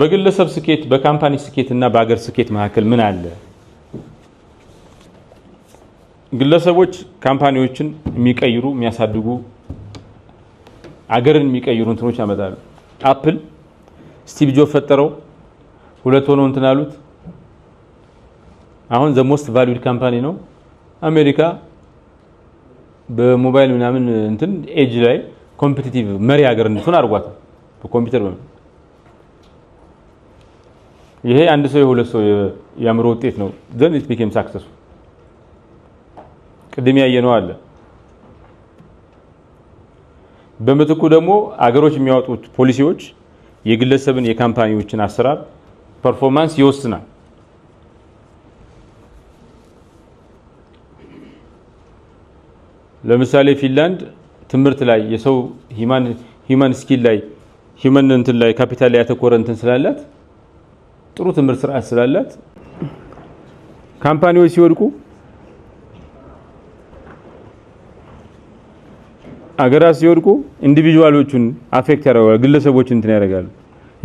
በግለሰብ ስኬት በካምፓኒ ስኬት እና በሀገር ስኬት መካከል ምን አለ? ግለሰቦች ካምፓኒዎችን የሚቀይሩ የሚያሳድጉ አገርን የሚቀይሩ እንትኖች ያመጣሉ። አፕል ስቲቭ ጆብ ፈጠረው፣ ሁለት ሆነው እንትን አሉት። አሁን ዘ ሞስት ቫሉድ ካምፓኒ ነው አሜሪካ በሞባይል ምናምን እንትን ኤጅ ላይ ኮምፒቲቲቭ መሪ ሀገር እንድትሆን አድርጓታል። በኮምፒውተር ይሄ አንድ ሰው የሁለት ሰው የአእምሮ ውጤት ነው። ዘን ኢት ቢኬም ሳክሰሱ ቅድም ያየነው አለ። በምትኩ ደግሞ አገሮች የሚያወጡት ፖሊሲዎች የግለሰብን የካምፓኒዎችን አሰራር ፐርፎርማንስ ይወስናል። ለምሳሌ ፊንላንድ ትምህርት ላይ የሰው ማን ስኪል ላይ ሂማን እንትን ላይ ካፒታል ላይ ያተኮረ እንትን ስላላት ጥሩ ትምህርት ስርዓት ስላላት ካምፓኒዎች ሲወድቁ አገራት ሲወድቁ ኢንዲቪጁዋሎቹን አፌክት ያደርጋሉ፣ ግለሰቦችን እንትን ያደርጋሉ።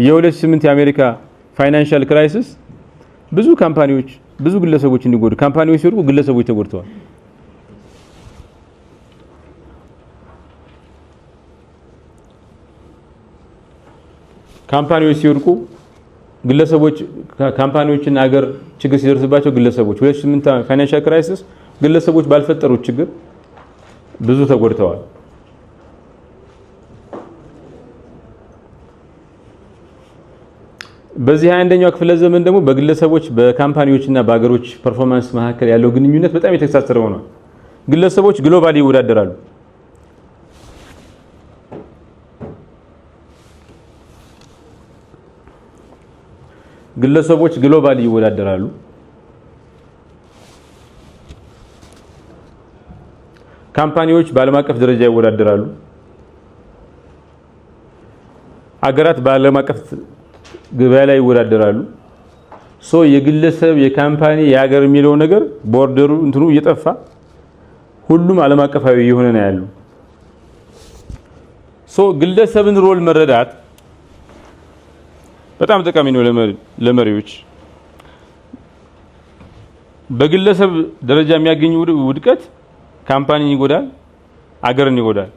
የ2008 የአሜሪካ ፋይናንሻል ክራይሲስ ብዙ ካምፓኒዎች ብዙ ግለሰቦች እንዲጎዱ፣ ካምፓኒዎች ሲወድቁ ግለሰቦች ተጎድተዋል። ካምፓኒዎች ሲወድቁ ግለሰቦች ካምፓኒዎችና ሀገር ችግር ሲደርስባቸው ግለሰቦች 2008 ፋይናንሻል ክራይሲስ ግለሰቦች ባልፈጠሩት ችግር ብዙ ተጎድተዋል። በዚህ አንደኛው ክፍለ ዘመን ደግሞ በግለሰቦች በካምፓኒዎችና በሀገሮች ፐርፎርማንስ መካከል ያለው ግንኙነት በጣም የተሳሰረ ሆኗል። ግለሰቦች ግሎባሊ ይወዳደራሉ። ግለሰቦች ግሎባል ይወዳደራሉ። ካምፓኒዎች በዓለም አቀፍ ደረጃ ይወዳደራሉ። አገራት በዓለም አቀፍ ገበያ ላይ ይወዳደራሉ። ሶ የግለሰብ የካምፓኒ የሀገር የሚለው ነገር ቦርደሩ እንትኑ እየጠፋ ሁሉም ዓለም አቀፋዊ የሆነ ነው ያሉ ሶ ግለሰብን ሮል መረዳት በጣም ጠቃሚ ነው ለመሪዎች። በግለሰብ ደረጃ የሚያገኝ ውድቀት ካምፓኒን ይጎዳል፣ አገርን ይጎዳል።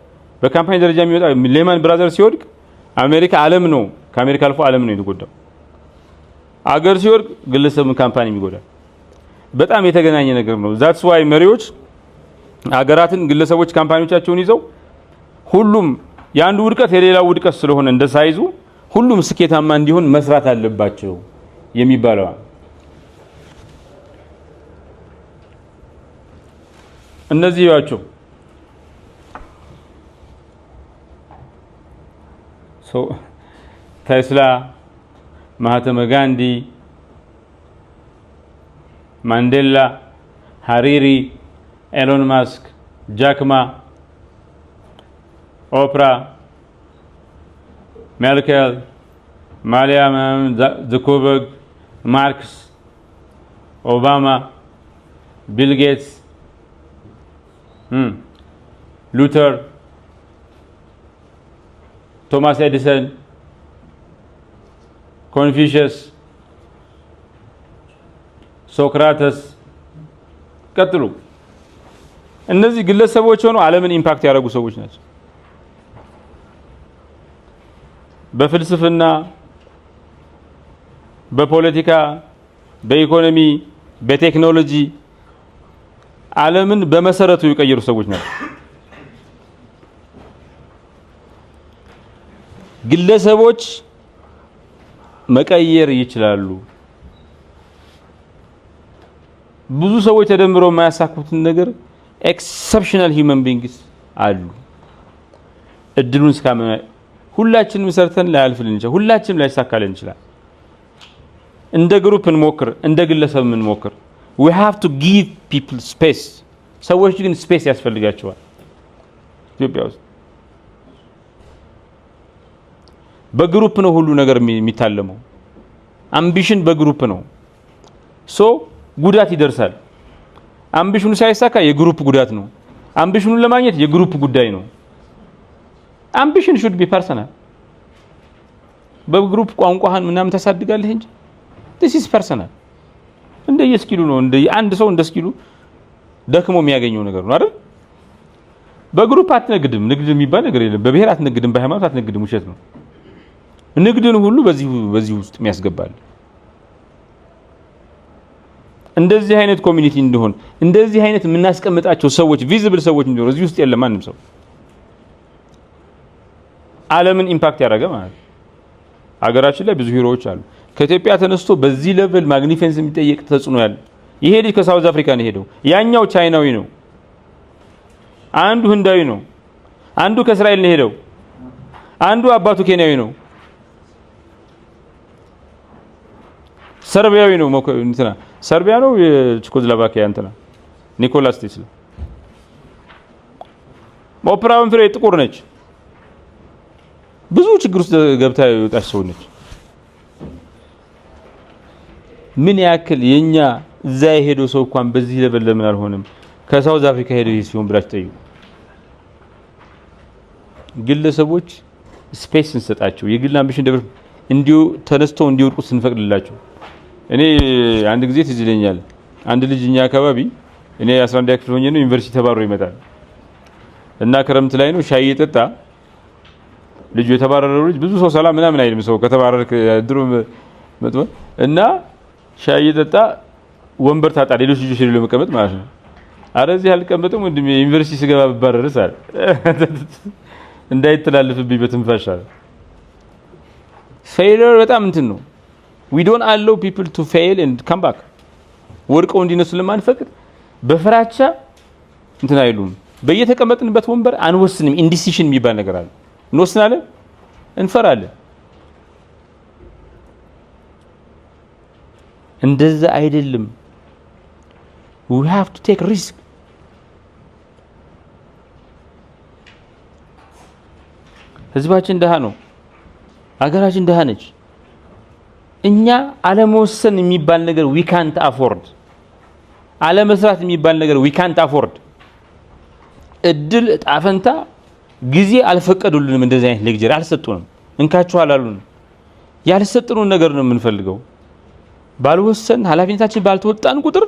በካምፓኒ ደረጃ የሚወጣ ሌማን ብራዘር ሲወድቅ አሜሪካ ዓለም ነው ከአሜሪካ አልፎ ዓለም ነው የተጎዳው። አገር ሲወድቅ ግለሰብን ካምፓኒ ይጎዳል። በጣም የተገናኘ ነገር ነው። ዛትስ ዋይ መሪዎች አገራትን፣ ግለሰቦች ካምፓኒዎቻቸውን ይዘው ሁሉም የአንዱ ውድቀት የሌላው ውድቀት ስለሆነ ሳይዙ ሁሉም ስኬታማ እንዲሆን መስራት አለባቸው የሚባለው እነዚህ ያቸው ቴስላ፣ ማህተመ ጋንዲ፣ ማንዴላ፣ ሃሪሪ፣ ኤሎን ማስክ፣ ጃክማ፣ ኦፕራ ሜርኬል፣ ማርያም ዝኩርበርግ፣ ማርክስ፣ ኦባማ፣ ቢል ጌትስ፣ ሉተር፣ ቶማስ ኤዲሰን፣ ኮንፊሽየስ፣ ሶክራተስ ቀጥሉ። እነዚህ ግለሰቦች ሆኑ አለምን ኢምፓክት ያደረጉ ሰዎች ናቸው። በፍልስፍና፣ በፖለቲካ፣ በኢኮኖሚ፣ በቴክኖሎጂ ዓለምን በመሰረቱ የቀየሩ ሰዎች ናቸው። ግለሰቦች መቀየር ይችላሉ። ብዙ ሰዎች ተደምረው የማያሳኩትን ነገር ኤክሰፕሽናል ሂውመን ቢንግስ አሉ እድሉን ሁላችንም ሰርተን ላያልፍልን ይችላል። ሁላችንም ላይሳካልን ይችላል። እንደ ግሩፕ እንሞክር፣ እንደ ግለሰብ እንሞክር። we have to give people space። ሰዎች ግን ስፔስ ያስፈልጋቸዋል። ኢትዮጵያ ውስጥ በግሩፕ ነው ሁሉ ነገር የሚታለመው። አምቢሽን በግሩፕ ነው ሶ ጉዳት ይደርሳል። አምቢሽኑ ሳይሳካ የግሩፕ ጉዳት ነው። አምቢሽኑን ለማግኘት የግሩፕ ጉዳይ ነው። አምቢሽን ሹድ ቢ ፐርሰናል። በግሩፕ ቋንቋህን ምናምን ታሳድጋለህ እንጂ ዲስ ኢዝ ፐርሰናል። የስኪሉ ነው። እንደ አንድ ሰው እንደ ስኪሉ ደክሞ የሚያገኘው ነገር ነው አይደል? በግሩፕ አትነግድም። ንግድ የሚባል ነገር የለም። በብሔር አትነግድም፣ በሃይማኖት አትነግድም። ውሸት ነው። ንግድን ሁሉ በዚህ በዚህ ውስጥ የሚያስገባል። እንደዚህ አይነት ኮሚኒቲ እንደሆን እንደዚህ አይነት የምናስቀምጣቸው ሰዎች ቪዚብል ሰዎች እንደሆኑ እዚህ ውስጥ የለም ማንም ሰው ዓለምን ኢምፓክት ያደረገ ማለት ነው። አገራችን ላይ ብዙ ሂሮዎች አሉ። ከኢትዮጵያ ተነስቶ በዚህ ሌቭል ማግኒፌንስ የሚጠየቅ ተጽዕኖ ያለ ይሄ ልጅ ከሳውዝ አፍሪካ ነው ሄደው። ያኛው ቻይናዊ ነው፣ አንዱ ህንዳዊ ነው፣ አንዱ ከእስራኤል ነው ሄደው፣ አንዱ አባቱ ኬንያዊ ነው፣ ሰርቢያዊ ነው። እንትና ሰርቢያ ነው የቼኮዝሎቫኪያ እንትና ኒኮላስ ቴስላ። ኦፕራ ዊንፍሬ ጥቁር ነች። ብዙ ችግር ውስጥ ገብታ የወጣች ሰው ነች። ምን ያክል የኛ እዛ የሄደው ሰው እንኳን በዚህ ለበለ ምን አልሆነም ከሳውዝ አፍሪካ ሄደ ሲሆን ብላችሁ ጠይቁ። ግለሰቦች ስፔስ ስንሰጣቸው የግል አምቢሽን ደብር እንዲሁ ተነስተው እንዲወድቁ ስንፈቅድላቸው፣ እኔ አንድ ጊዜ ትዝ ይለኛል አንድ ልጅ እኛ አካባቢ እኔ 11 ክፍል ሆኜ ነው ዩኒቨርሲቲ ተባሮ ይመጣል እና ክረምት ላይ ነው ሻይ እየጠጣ ልጁ የተባረረው ልጅ ብዙ ሰው ሰላም ምናምን አይልም። ሰው ከተባረርክ ድሮ መጥቶ እና ሻይ እየጠጣ ወንበር ታጣ፣ ሌሎች ልጆች የሌለው ለመቀመጥ ማለት ነው። አረ እዚህ አልቀመጥም ወንድሜ ዩኒቨርሲቲ ስገባ ብባረርስ አለ፣ እንዳይተላለፍብኝ በትንፋሽ አለ። ፌይለር በጣም እንትን ነው። ዊ ዶንት አለው ፒፕል ቱ ፌይል ኤንድ ካም ባክ። ወድቀው እንዲነሱ ስለማንፈቅድ በፍራቻ እንትን አይሉም። በየተቀመጥንበት ወንበር አንወስንም። ኢንዲሲሽን የሚባል ነገር አለ። እንወስናለን፣ እንፈራለን። እንደዛ አይደለም። ዊ ሃቭ ቱ ቴክ ሪስክ። ህዝባችን ደሃ ነው፣ ሀገራችን ደሃ ነች። እኛ አለመወሰን የሚባል ነገር ዊ ካንት አፎርድ፣ አለመስራት የሚባል ነገር ዊ ካንት አፎርድ። እድል እጣፈንታ ጊዜ አልፈቀዱልንም። እንደዚህ አይነት ሌክቸር አልሰጡንም። እንካችሁ አላሉንም። ያልሰጥኑን ነገር ነው የምንፈልገው። ባልወሰን ኃላፊነታችን ባልተወጣን ቁጥር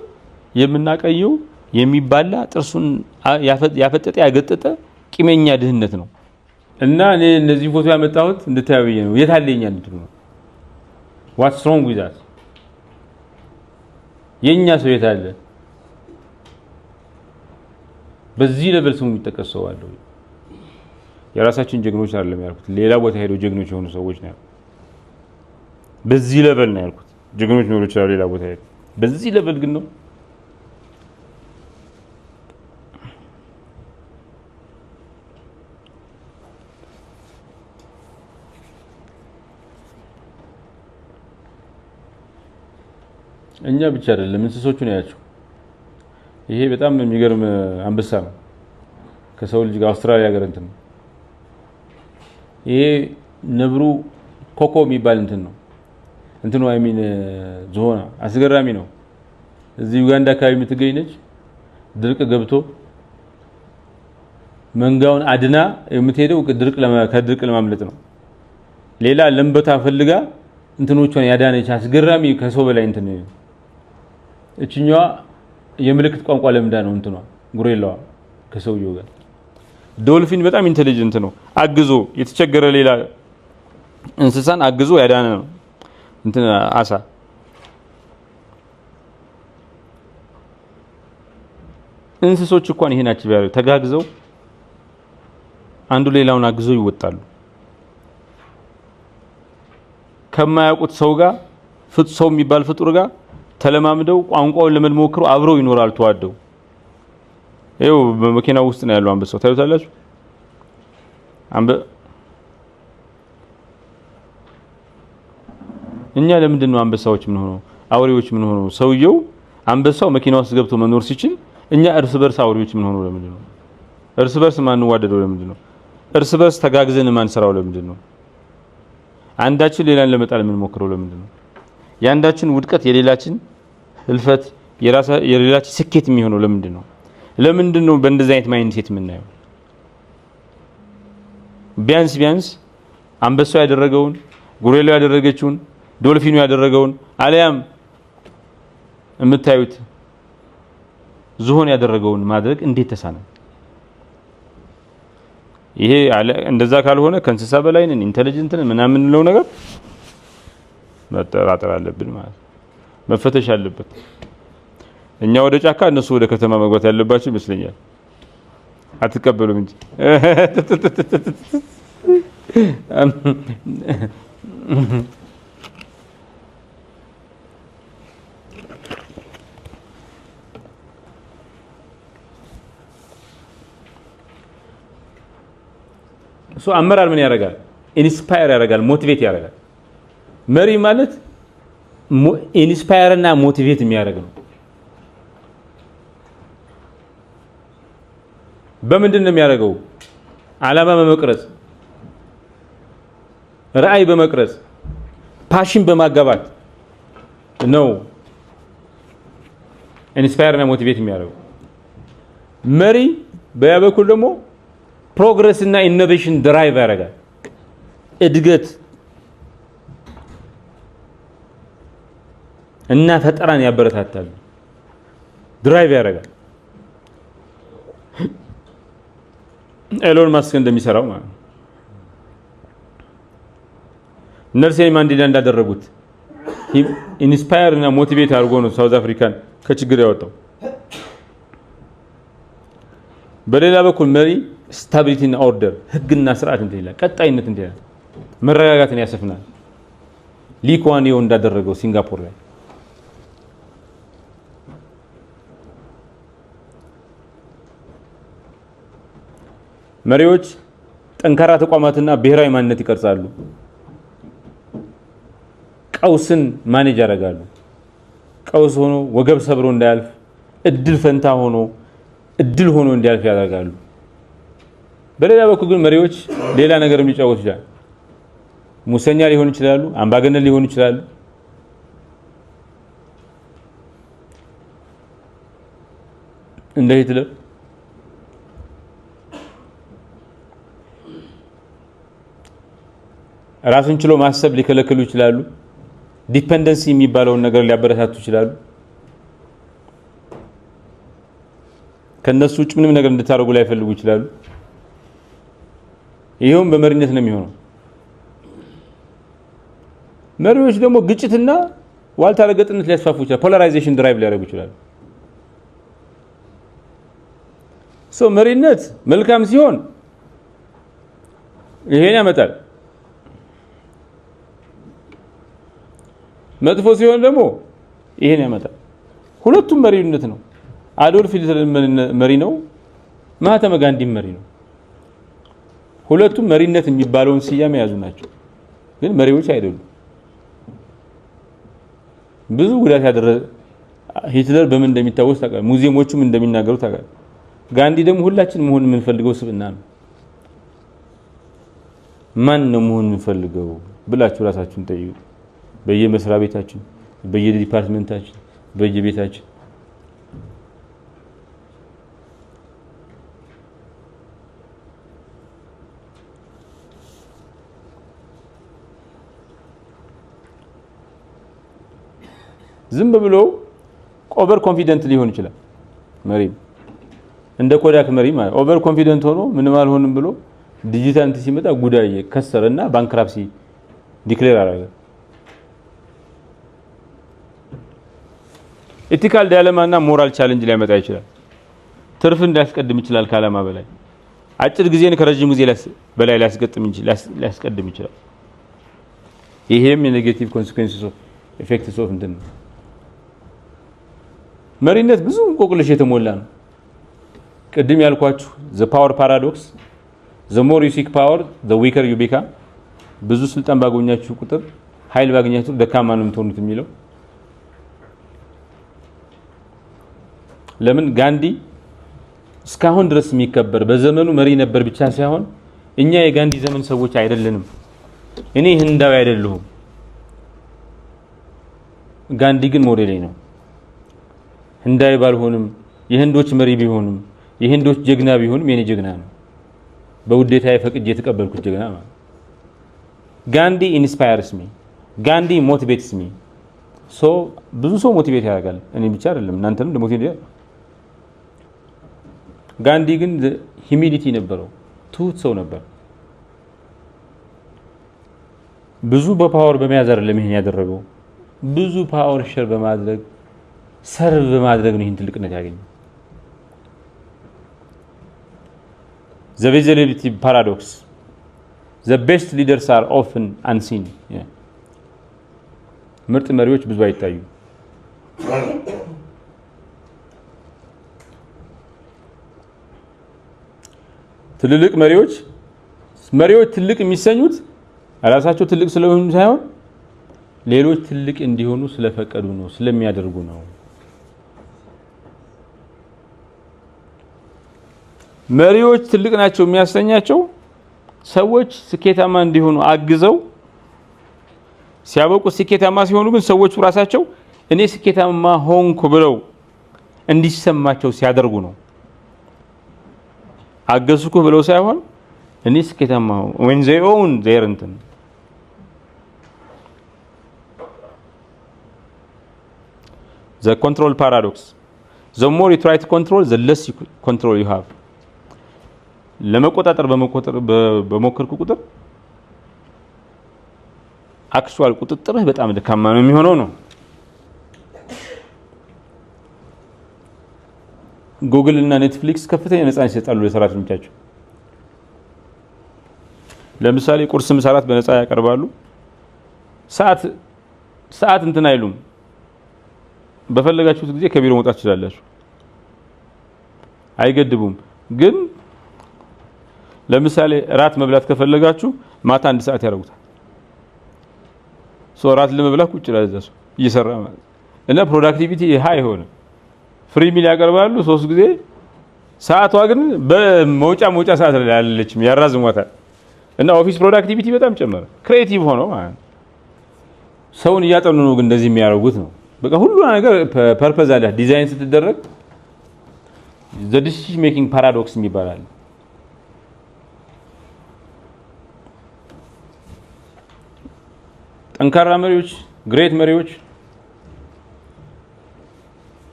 የምናቀየው የሚባላ ጥርሱን ያፈጠጠ ያገጠጠ ቂመኛ ድህነት ነው እና እኔ እነዚህ ፎቶ ያመጣሁት እንድታያብዬ ነው። የት አለኛ እንድትሉ ነው። ዋት ስትሮንግ ዊዛት የእኛ ሰው የት አለ? በዚህ ለበል ስሙ የሚጠቀስ ሰው የራሳችን ጀግኖች አይደለም ያልኩት፣ ሌላ ቦታ ሄደው ጀግኖች የሆኑ ሰዎች ነው። በዚህ ለበል ነው ያልኩት። ጀግኖች ሊሆኑ ይችላሉ ሌላ ቦታ ሄደው፣ በዚህ ለበል ግን ነው እኛ ብቻ አይደለም እንስሶቹ ነው ያቸው። ይሄ በጣም የሚገርም አንበሳ ነው። ከሰው ልጅ ጋር አውስትራሊያ ሀገር እንትን ነው ይሄ ነብሩ ኮኮ የሚባል እንትን ነው እንትኑ አይሚን ዝሆና አስገራሚ ነው። እዚህ ዩጋንዳ አካባቢ የምትገኝ ነች። ድርቅ ገብቶ መንጋውን አድና የምትሄደው ድርቅ ከድርቅ ለማምለጥ ነው። ሌላ ለምበታ ፈልጋ እንትኖቿን ያዳነች አስገራሚ ከሰው በላይ እንትን እችኛዋ የምልክት ቋንቋ ለምዳ ነው እንትኗ ጉሬላዋ ከሰውየው ጋር ዶልፊን በጣም ኢንቴሊጀንት ነው። አግዞ የተቸገረ ሌላ እንስሳን አግዞ ያዳነ ነው እንትን አሳ። እንስሶች እንኳን ይሄን አቺቭ ያለው ተጋግዘው አንዱ ሌላውን አግዞ ይወጣሉ። ከማያውቁት ሰው ጋር ሰው የሚባል ፍጡር ጋር ተለማምደው ቋንቋውን ሞክሩ አብረው ይኖራል ተዋደው ይኸው በመኪናው ውስጥ ነው ያለው አንበሳው ታዩታላችሁ። አንበ እኛ ለምንድን ነው አንበሳዎች ምን ሆኖ አውሬዎች ምን ሆኖ ሰውየው አንበሳው መኪና ውስጥ ገብቶ መኖር ሲችል እኛ እርስ በርስ አውሬዎች ምን ሆኖ ለምንድን ነው እርስ በርስ ማንዋደደው? ለምንድን ነው እርስ በርስ ተጋግዘን ማንሰራው? ለምንድን ነው አንዳችን ሌላን ለመጣል የምንሞክረው? ለምንድን ነው የአንዳችን ውድቀት የሌላችን ህልፈት የሌላችን ስኬት የሚሆነው? ለምንድን ነው ለምንድን ነው በእንደዚህ አይነት ማይንድሴት ሴት የምናየው? ቢያንስ ቢያንስ አንበሳው ያደረገውን ጉሬሎ ያደረገችውን ዶልፊኑ ያደረገውን አሊያም የምታዩት ዝሆን ያደረገውን ማድረግ እንዴት ተሳነ? ይሄ እንደዛ ካልሆነ ከእንስሳ በላይ ነን ኢንተለጀንት ነን ምናምን የምንለው ነገር መጠራጠር አለብን ማለት መፈተሽ አለበት። እኛ ወደ ጫካ እነሱ ወደ ከተማ መግባት ያለባቸው ይመስለኛል። አትቀበሉም እንጂ እሱ አመራር ምን ያደርጋል? ኢንስፓየር ያደርጋል፣ ሞቲቬት ያደርጋል። መሪ ማለት ኢንስፓየር እና ሞቲቬት የሚያደርግ ነው። በምንድን ነው የሚያደርገው? ዓላማ በመቅረጽ ራዕይ በመቅረጽ ፓሽን በማጋባት ነው ኢንስፓየር እና ሞቲቬት የሚያደርገው። መሪ በያ በኩል ደግሞ ፕሮግረስ እና ኢኖቬሽን ድራይቭ ያደርጋል። እድገት እና ፈጠራን ያበረታታል፣ ድራይቭ ያደርጋል። ኤሎን ማስክ እንደሚሰራው ማለት ነው። ነርሴን ማንዴላ እንዳደረጉት ኢንስፓየር እና ሞቲቬት አድርጎ ነው ሳውዝ አፍሪካን ከችግር ያወጣው። በሌላ በኩል መሪ ስታቢሊቲና ኦርደር ህግና ስርዓት እንትን ይላል፣ ቀጣይነት እንትን ይላል፣ መረጋጋትን ያሰፍናል። ሊኳን እንዳደረገው ሲንጋፖር ላይ መሪዎች ጠንካራ ተቋማትና ብሔራዊ ማንነት ይቀርጻሉ። ቀውስን ማኔጅ ያደርጋሉ። ቀውስ ሆኖ ወገብ ሰብሮ እንዳያልፍ እድል ፈንታ ሆኖ እድል ሆኖ እንዲያልፍ ያደርጋሉ። በሌላ በኩል ግን መሪዎች ሌላ ነገርም ሊጫወቱ ይችላል። ሙሰኛ ሊሆኑ ይችላሉ። አምባገነን ሊሆኑ ይችላሉ። እንደ ሂትለር ራስን ችሎ ማሰብ ሊከለክሉ ይችላሉ። ዲፐንደንሲ የሚባለውን ነገር ሊያበረታቱ ይችላሉ። ከነሱ ውጭ ምንም ነገር እንድታደርጉ ላይፈልጉ ይችላሉ። ይኸውም በመሪነት ነው የሚሆነው። መሪዎች ደግሞ ግጭትና ዋልታ ረገጥነት ሊያስፋፉ ይችላል። ፖላራይዜሽን ድራይቭ ሊያደርጉ ይችላሉ። ሰው መሪነት መልካም ሲሆን ይሄን ያመጣል። መጥፎ ሲሆን ደግሞ ይሄን ያመጣል። ሁለቱም መሪነት ነው። አዶልፍ ሂትለር መሪ ነው፣ ማህተመ ጋንዲም መሪ ነው። ሁለቱም መሪነት የሚባለውን ስያሜ የያዙ ናቸው፣ ግን መሪዎች አይደሉም። ብዙ ጉዳት ያደረሰ ሂትለር በምን እንደሚታወስ ታውቃል። ሙዚየሞቹም እንደሚናገሩ ታውቃል። ጋንዲ ደግሞ ሁላችን መሆን የምንፈልገው ስብና ነው። ማን ነው መሆን የምንፈልገው ብላችሁ ራሳችሁን ጠይቁ። በየመስሪያ ቤታችን፣ በየዲፓርትመንታችን፣ በየቤታችን ዝም ብሎ ኦቨር ኮንፊደንት ሊሆን ይችላል። መሪ እንደ ኮዳክ መሪ ማለት ኦቨር ኮንፊደንት ሆኖ ምንም አልሆንም ብሎ ዲጂታል እንትን ሲመጣ ጉዳይ ከሰረ እና ባንክራፕሲ ዲክሌር አደረገ። ኢቲካል ዳይለማና ሞራል ቻሌንጅ ሊያመጣ ይችላል። ትርፍ ሊያስቀድም ይችላል ከዓላማ በላይ አጭር ጊዜን ከረጅም ጊዜ በላይ ሊያስቀድም ይችላል። ይሄም የኔጌቲቭ ኮንሲኩዌንስ ኦፍ ኢፌክትስ ኦፍ እንትን ነው። መሪነት ብዙ እንቆቅልሽ የተሞላ ነው። ቅድም ያልኳችሁ ዘ ፓወር ፓራዶክስ ዘ ሞር ዩ ሲክ ፓወር ዘ ዊከር ዩ ቢካም ብዙ ስልጣን ባገኛችሁ ቁጥር ኃይል ባገኛችሁ ደካማ ነው የምትሆኑት የሚለው ለምን ጋንዲ እስካሁን ድረስ የሚከበር በዘመኑ መሪ ነበር ብቻ ሳይሆን እኛ የጋንዲ ዘመን ሰዎች አይደለንም። እኔ ህንዳዊ አይደለሁም። ጋንዲ ግን ሞዴሌ ነው። ህንዳዊ ባልሆንም የህንዶች መሪ ቢሆንም የህንዶች ጀግና ቢሆንም የኔ ጀግና ነው። በውዴታ የፈቅጅ የተቀበልኩት ጀግና ማለት ጋንዲ ኢንስፓየርስ ሚ፣ ጋንዲ ሞቲቬትስ ሚ። ሶ ብዙ ሰው ሞቲቬት ያደርጋል። እኔ ብቻ አይደለም፣ እናንተንም ሞቲቬት ጋንዲ ግን ሂሚሊቲ ነበረው፣ ትሁት ሰው ነበር። ብዙ በፓወር በመያዝ አይደለም ይሄን ያደረገው፣ ብዙ ፓወር ሸር በማድረግ ሰርቭ በማድረግ ነው ይህን ትልቅነት ያገኘ። ዘ ቪዚቢሊቲ ፓራዶክስ ዘ ቤስት ሊደርስ አር ኦፍን አንሲን። ምርጥ መሪዎች ብዙ አይታዩ ትልልቅ መሪዎች መሪዎች ትልቅ የሚሰኙት ራሳቸው ትልቅ ስለሆኑ ሳይሆን ሌሎች ትልቅ እንዲሆኑ ስለፈቀዱ ነው፣ ስለሚያደርጉ ነው። መሪዎች ትልቅ ናቸው የሚያሰኛቸው ሰዎች ስኬታማ እንዲሆኑ አግዘው ሲያበቁ ስኬታማ ሲሆኑ ግን ሰዎቹ ራሳቸው እኔ ስኬታማ ሆንኩ ብለው እንዲሰማቸው ሲያደርጉ ነው። አገዝኩ ብለው ሳይሆን እኔ ስኬታማ ወን ዘይ ኦውን ዜር እንትን ዘ ኮንትሮል ፓራዶክስ ዘ ሞር ዩ ትራይ ቱ ኮንትሮል ዘ ለስ ኮንትሮል ዩ ሃቭ ለመቆጣጠር በሞከርኩ ቁጥር አክቹዋል ቁጥጥርህ በጣም ደካማ ነው የሚሆነው ነው። ጉግል እና ኔትፍሊክስ ከፍተኛ ነፃነት ይሰጣሉ ለሰራተኞቻቸው። ለምሳሌ ቁርስ፣ ምሳ፣ እራት በነፃ ያቀርባሉ። ሰዓት ሰዓት እንትን አይሉም። በፈለጋችሁት ጊዜ ከቢሮ መውጣት ትችላላችሁ፣ አይገድቡም። ግን ለምሳሌ እራት መብላት ከፈለጋችሁ ማታ አንድ ሰዓት ያደርጉታል። ሶ እራት ለመብላት ቁጭ ላይ እዛ እየሰራ ማለት እና ፕሮዳክቲቪቲ ሃይ ሆነ ፍሪ ሚል ያቀርባሉ ሶስት ጊዜ። ሰዓቷ ግን በመውጫ መውጫ ሰዓት ላይ አለችም፣ ያራዝሟታል። እና ኦፊስ ፕሮዳክቲቪቲ በጣም ጨመረ። ክሬቲቭ ሆኖ ማለት ሰውን እያጠኑ ነው፣ ግን እንደዚህ የሚያደርጉት ነው። በቃ ሁሉ ነገር ፐርፐዝ አለ። ዲዛይን ስትደረግ ዘ ሜኪንግ ፓራዶክስ የሚባላል ጠንካራ መሪዎች፣ ግሬት መሪዎች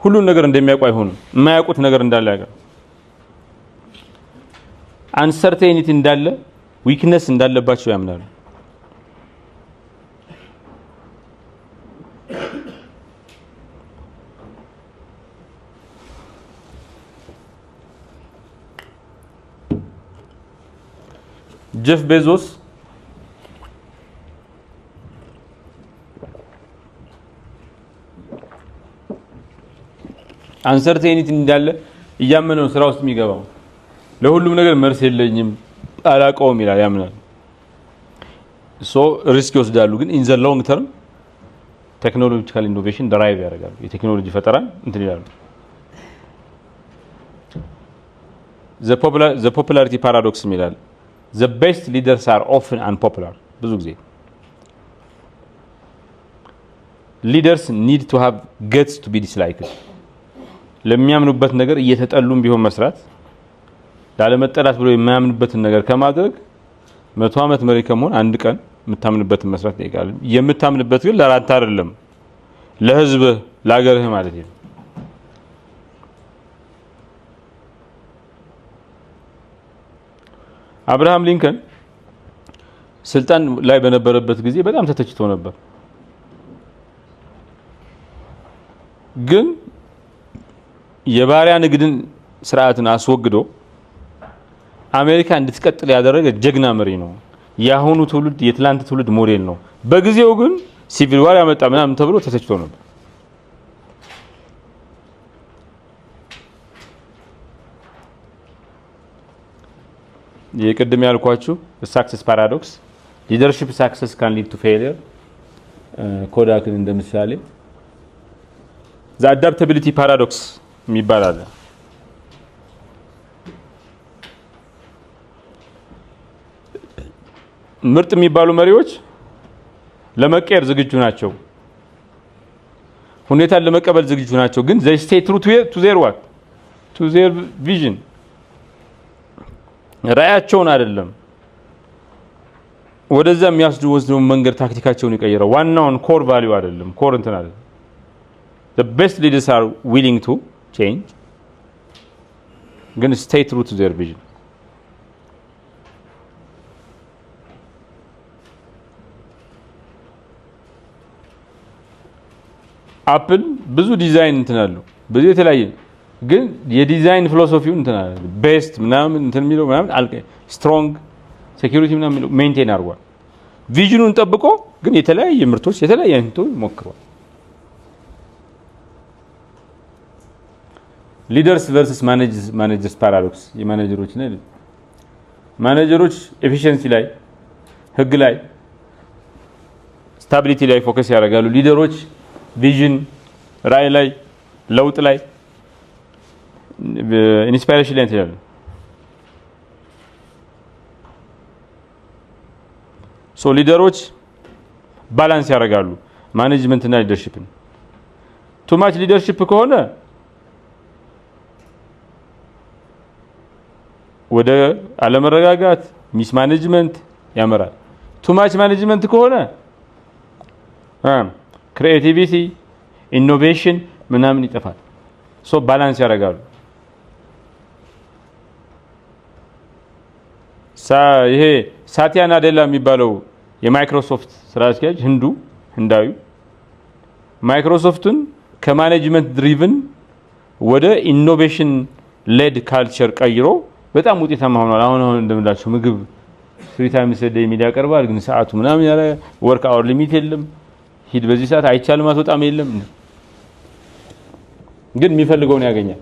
ሁሉን ነገር እንደሚያውቁ አይሆኑም። የማያውቁት ነገር እንዳለ ያገር አንሰርቴኒቲ እንዳለ ዊክነስ እንዳለባቸው ያምናሉ። ጀፍ ቤዞስ አንሰርቴኒቲ እንዳለ እያመነው ስራ ውስጥ የሚገባው ለሁሉም ነገር መርስ የለኝም አላቀውም ይላል፣ ያምናል። ሶ ሪስክ ይወስዳሉ። ግን ኢን ዘ ሎንግ ተርም ቴክኖሎጂካል ኢኖቬሽን ድራይቭ ያደርጋሉ። የቴክኖሎጂ ፈጠራን እንትን ይላሉ። ዘ ፖፑላሪቲ ፓራዶክስ ይላል። ዘ ቤስት ሊደርስ አር ኦፍን አንፖፑላር። ብዙ ጊዜ ሊደርስ ኒድ ቱ ሃቭ ጌትስ ቱ ቢ ዲስላይክድ ለሚያምኑበት ነገር እየተጠሉም ቢሆን መስራት ላለመጠላት ብሎ የማያምኑበትን ነገር ከማድረግ መቶ ዓመት መሪ ከመሆን አንድ ቀን የምታምንበትን መስራት ይጠይቃል። የምታምንበት ግን ለራንታ አይደለም፣ ለህዝብህ፣ ለሀገርህ ማለት ነው። አብርሃም ሊንከን ስልጣን ላይ በነበረበት ጊዜ በጣም ተተችቶ ነበር ግን የባሪያ ንግድን ስርዓትን አስወግዶ አሜሪካ እንድትቀጥል ያደረገ ጀግና መሪ ነው። የአሁኑ ትውልድ የትላንት ትውልድ ሞዴል ነው። በጊዜው ግን ሲቪል ዋር ያመጣ ምናምን ተብሎ ተተችቶ ነበር። የቅድም ያልኳችሁ ሳክሰስ ፓራዶክስ ሊደርሽፕ ሳክሰስ ካን ሊድ ቱ ፌሊየር ኮዳክን እንደምሳሌ ዘ አዳፕታቢሊቲ ፓራዶክስ የሚባል አለ። ምርጥ የሚባሉ መሪዎች ለመቀየር ዝግጁ ናቸው፣ ሁኔታን ለመቀበል ዝግጁ ናቸው። ግን ዘይ ስቴይ ትሩ ቱ ዜር ዋት ቱ ዜር ቪዥን ራእያቸውን አይደለም ወደዛ የሚያስዱ ወስደው መንገድ ታክቲካቸውን ይቀይራል። ዋናውን ኮር ቫሊዩ አይደለም ኮር እንትን አይደለም። the best leaders are willing to change ግን stay true to their vision አፕል ብዙ ዲዛይን እንትን አለው ብዙ የተለያየ ግን የዲዛይን ፊሎሶፊው እንትን ቤስት ምናምን እንትን የሚለው ምናምን አልቀ ስትሮንግ ሴኪሪቲ ምናምን የሚለው ሜንቴን አድርጓል። ቪዥኑን ጠብቆ ግን የተለያየ ምርቶች የተለያየ እንትኖች ሞክሯል። ሊደርስ ቨርስስ ማኔጀርስ ፓራዶክስ የማኔጀሮች ና ማኔጀሮች ኤፊሽንሲ ላይ ህግ ላይ ስታቢሊቲ ላይ ፎከስ ያደርጋሉ። ሊደሮች ቪዥን ራይ ላይ ለውጥ ላይ ኢንስፓይሬሽን ላይ እንትላሉ። ሶ ሊደሮች ባላንስ ያደርጋሉ ማኔጅመንት እና ሊደርሺፕን ቱማች ሊደርሺፕ ከሆነ ወደ አለመረጋጋት ሚስ ማኔጅመንት ያመራል። ቱማች ማኔጅመንት ከሆነ ክሪኤቲቪቲ፣ ኢኖቬሽን ምናምን ይጠፋል። ሶ ባላንስ ያደርጋሉ። ይሄ ሳቲያ ናዴላ የሚባለው የማይክሮሶፍት ስራ አስኪያጅ ህንዱ ህንዳዊ ማይክሮሶፍቱን ከማኔጅመንት ድሪቭን ወደ ኢኖቬሽን ሌድ ካልቸር ቀይሮ በጣም ውጤታማ ሆኗል። አሁን አሁን እንደምላችሁ ምግብ ፍሪ ታይም ሰደ ሚዲያ ያቀርባል፣ ግን ሰዓቱ ምናምን ያለ ወርክ አወር ሊሚት የለም። ሂድ በዚህ ሰዓት አይቻልም አትወጣም የለም፣ ግን የሚፈልገውን ያገኛል።